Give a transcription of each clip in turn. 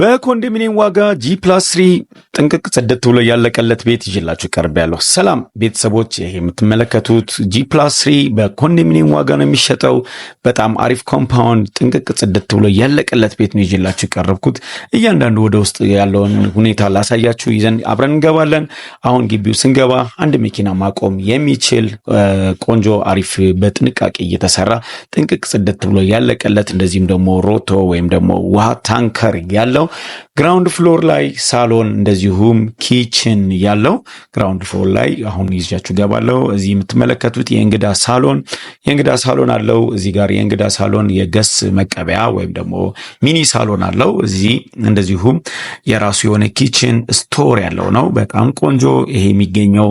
በኮንዶሚኒየም ዋጋ ጂ ፕላስ ስሪ ጥንቅቅ ጽድት ብሎ ያለቀለት ቤት ይዤላችሁ ቀርብ ያለሁ። ሰላም ቤተሰቦች፣ ይህ የምትመለከቱት ጂ ፕላስ ስሪ በኮንዶሚኒየም ዋጋ ነው የሚሸጠው። በጣም አሪፍ ኮምፓውንድ፣ ጥንቅቅ ጽድት ብሎ ያለቀለት ቤት ነው ይዤላችሁ የቀረብኩት። እያንዳንዱ ወደ ውስጥ ያለውን ሁኔታ ላሳያችሁ ይዘን አብረን እንገባለን። አሁን ግቢው ስንገባ አንድ መኪና ማቆም የሚችል ቆንጆ አሪፍ፣ በጥንቃቄ እየተሰራ ጥንቅቅ ጽድት ብሎ ያለቀለት እንደዚህም ደግሞ ሮቶ ወይም ደግሞ ውሃ ታንከር ያለው ያለው ግራውንድ ፍሎር ላይ ሳሎን እንደዚሁም ኪችን ያለው ግራውንድ ፍሎር ላይ አሁን ይዣችሁ ገባለው። እዚህ የምትመለከቱት የእንግዳ ሳሎን የእንግዳ ሳሎን አለው። እዚህ ጋር የእንግዳ ሳሎን የገስ መቀበያ ወይም ደግሞ ሚኒ ሳሎን አለው። እዚህ እንደዚሁም የራሱ የሆነ ኪችን ስቶር ያለው ነው። በጣም ቆንጆ ይሄ የሚገኘው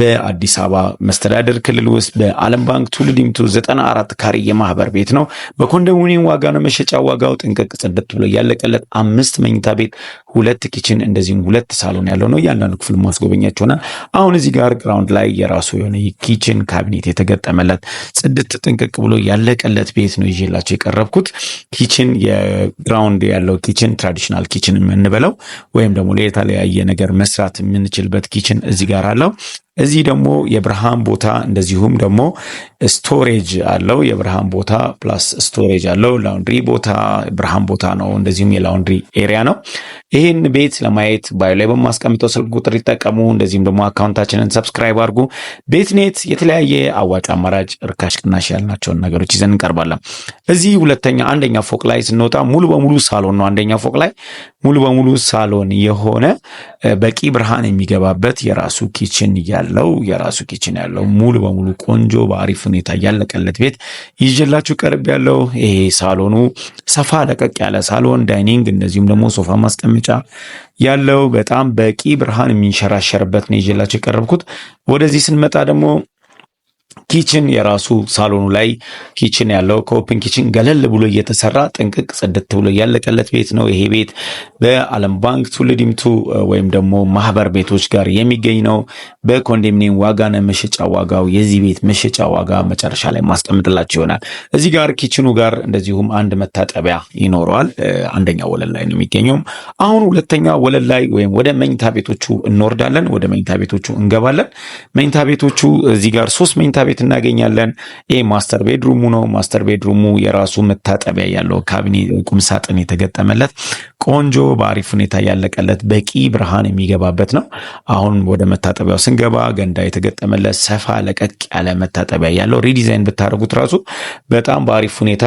በአዲስ አበባ መስተዳደር ክልል ውስጥ በዓለም ባንክ ቱልዲምቱ ዲምቱ 94 ካሬ የማህበር ቤት ነው። በኮንዶሚኒየም ዋጋ ነው መሸጫ ዋጋው ጥንቅቅ ጽድት ብሎ ያለቀለት አምስት አምስት መኝታ ቤት ሁለት ኪችን እንደዚሁም ሁለት ሳሎን ያለው ነው። እያንዳንዱ ክፍል ማስጎበኛቸውና አሁን እዚህ ጋር ግራውንድ ላይ የራሱ የሆነ ኪችን ካቢኔት የተገጠመለት ጽድት ጥንቅቅ ብሎ ያለቀለት ቤት ነው ይዤላቸው የቀረብኩት። ኪችን የግራውንድ ያለው ኪችን ትራዲሽናል ኪችን የምንበለው ወይም ደግሞ የተለያየ ነገር መስራት የምንችልበት ኪችን እዚህ ጋር አለው። እዚህ ደግሞ የብርሃን ቦታ እንደዚሁም ደግሞ ስቶሬጅ አለው። የብርሃን ቦታ ፕላስ ስቶሬጅ አለው። ላውንድሪ ቦታ ብርሃን ቦታ ነው። እንደዚሁም የላውንድሪ ኤሪያ ነው። ይህን ቤት ለማየት ባዩ ላይ በማስቀምጠው ስልክ ቁጥር ይጠቀሙ። እንደዚህም ደግሞ አካውንታችንን ሰብስክራይብ አድርጉ። ቤትኔት የተለያየ አዋጭ አማራጭ፣ እርካሽ፣ ቅናሽ ያልናቸውን ነገሮች ይዘን እንቀርባለን። እዚህ ሁለተኛ አንደኛ ፎቅ ላይ ስንወጣ ሙሉ በሙሉ ሳሎን ነው። አንደኛ ፎቅ ላይ ሙሉ በሙሉ ሳሎን የሆነ በቂ ብርሃን የሚገባበት የራሱ ኪችን ያለው የራሱ ኪችን ያለው ሙሉ በሙሉ ቆንጆ በአሪፍ ሁኔታ ያለቀለት ቤት ይዤላችሁ ቀርብ ያለው ይሄ ሳሎኑ ሰፋ ለቀቅ ያለ ሳሎን ዳይኒንግ፣ እንደዚሁም ደግሞ ሶፋ ማስቀመጫ ያለው በጣም በቂ ብርሃን የሚንሸራሸርበት ነው ይዤላቸው የቀረብኩት። ወደዚህ ስንመጣ ደግሞ ኪችን የራሱ ሳሎኑ ላይ ኪችን ያለው ከኦፕን ኪችን ገለል ብሎ እየተሰራ ጥንቅቅ ጽድት ብሎ ያለቀለት ቤት ነው። ይሄ ቤት በዓለም ባንክ ቱልዲምቱ ወይም ደግሞ ማህበር ቤቶች ጋር የሚገኝ ነው። በኮንዶሚኒየም ዋጋ ነው መሸጫ ዋጋው። የዚህ ቤት መሸጫ ዋጋ መጨረሻ ላይ ማስቀምጥላቸው ይሆናል። እዚህ ጋር ኪችኑ ጋር እንደዚሁም አንድ መታጠቢያ ይኖረዋል። አንደኛ ወለል ላይ ነው የሚገኘውም። አሁን ሁለተኛ ወለል ላይ ወይም ወደ መኝታ ቤቶቹ እንወርዳለን። ወደ መኝታ ቤቶቹ እንገባለን። መኝታ ቤቶቹ እዚህ ጋር ሶስት መኝታ ቤት እናገኛለን። ይህ ማስተር ቤድሩሙ ነው። ማስተር ቤድሩሙ የራሱ መታጠቢያ ያለው ካቢኔ ቁምሳጥን የተገጠመለት ቆንጆ በአሪፍ ሁኔታ ያለቀለት በቂ ብርሃን የሚገባበት ነው። አሁን ወደ መታጠቢያው ስንገባ ገንዳ የተገጠመለት ሰፋ ለቀቅ ያለ መታጠቢያ ያለው ሪዲዛይን ብታደርጉት ራሱ በጣም በአሪፍ ሁኔታ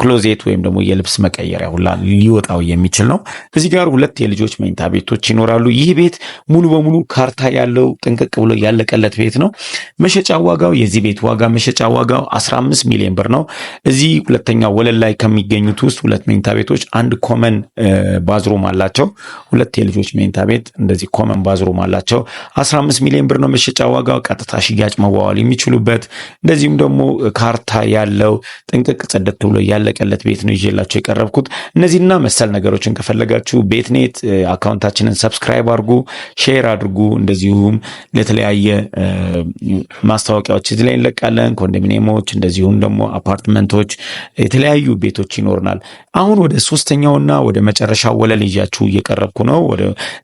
ክሎዜት ወይም ደግሞ የልብስ መቀየሪያ ሁላ ሊወጣው የሚችል ነው። እዚህ ጋር ሁለት የልጆች መኝታ ቤቶች ይኖራሉ። ይህ ቤት ሙሉ በሙሉ ካርታ ያለው ጥንቅቅ ብሎ ያለቀለት ቤት ነው። መሸጫ ዋጋው የዚህ ቤት ቤት ዋጋ መሸጫ ዋጋው 15 ሚሊዮን ብር ነው። እዚህ ሁለተኛ ወለል ላይ ከሚገኙት ውስጥ ሁለት መኝታ ቤቶች አንድ ኮመን ባዝሩም አላቸው። ሁለት የልጆች መኝታ ቤት እንደዚህ ኮመን ባዝሩም አላቸው። 15 ሚሊዮን ብር ነው መሸጫ ዋጋው። ቀጥታ ሽያጭ መዋዋል የሚችሉበት እንደዚሁም ደግሞ ካርታ ያለው ጥንቅቅ ጽድት ብሎ ያለቀለት ቤት ነው ይዤላቸው የቀረብኩት። እነዚህና መሰል ነገሮችን ከፈለጋችሁ ቤትኔት አካውንታችንን ሰብስክራይብ አድርጉ፣ ሼር አድርጉ። እንደዚሁም ለተለያየ ማስታወቂያዎች እዚህ ላይ እንለቃለን። ኮንዶሚኒየሞች፣ እንደዚሁም ደግሞ አፓርትመንቶች፣ የተለያዩ ቤቶች ይኖርናል። አሁን ወደ ሶስተኛውና ወደ መጨረሻው ወለል ይዣችሁ እየቀረብኩ ነው።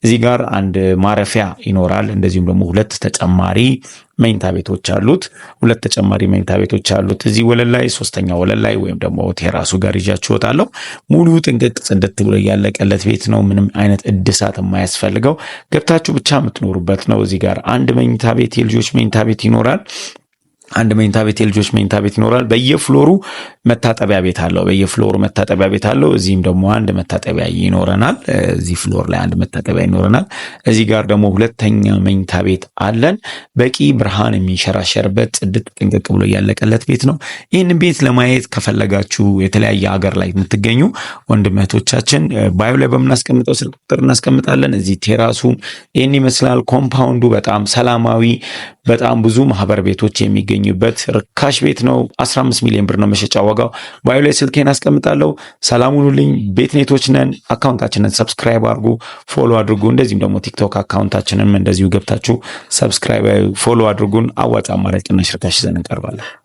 እዚህ ጋር አንድ ማረፊያ ይኖራል። እንደዚሁም ደግሞ ሁለት ተጨማሪ መኝታ ቤቶች አሉት። ሁለት ተጨማሪ መኝታ ቤቶች አሉት። እዚህ ወለል ላይ ሶስተኛ ወለል ላይ ወይም ደግሞ ቴራሱ ጋር ይዣችሁ እወጣለሁ። ሙሉ ጥንቅቅ ጽድት ብሎ ያለቀለት ቤት ነው። ምንም አይነት እድሳት የማያስፈልገው ገብታችሁ ብቻ የምትኖሩበት ነው። እዚህ ጋር አንድ መኝታ ቤት የልጆች መኝታ ቤት ይኖራል። አንድ መኝታ ቤት የልጆች መኝታ ቤት ይኖራል። በየፍሎሩ መታጠቢያ ቤት አለው። በየፍሎሩ መታጠቢያ ቤት አለው። እዚህም ደግሞ አንድ መታጠቢያ ይኖረናል። እዚህ ፍሎር ላይ አንድ መታጠቢያ ይኖረናል። እዚህ ጋር ደግሞ ሁለተኛ መኝታ ቤት አለን። በቂ ብርሃን የሚንሸራሸርበት ጽድት ጥንቅቅ ብሎ እያለቀለት ቤት ነው። ይህንን ቤት ለማየት ከፈለጋችሁ የተለያየ ሀገር ላይ የምትገኙ ወንድም እህቶቻችን ባዩ ላይ በምናስቀምጠው ስልክ ቁጥር እናስቀምጣለን። እዚህ ቴራሱ ይህን ይመስላል። ኮምፓውንዱ በጣም ሰላማዊ በጣም ብዙ ማህበር ቤቶች የሚገኙበት ርካሽ ቤት ነው። 15 ሚሊዮን ብር ነው መሸጫ ዋጋው። ባዩ ላይ ስልኬን አስቀምጣለሁ። ሰላም ሁኑልኝ። ቤት ኔቶች ነን። አካውንታችንን ሰብስክራይብ አድርጉ፣ ፎሎ አድርጉ። እንደዚሁም ደግሞ ቲክቶክ አካውንታችንም እንደዚሁ ገብታችሁ ሰብስክራይብ፣ ፎሎ አድርጉን። አዋጣ አማራጭ ቅናሽ ርካሽ ይዘን እንቀርባለን።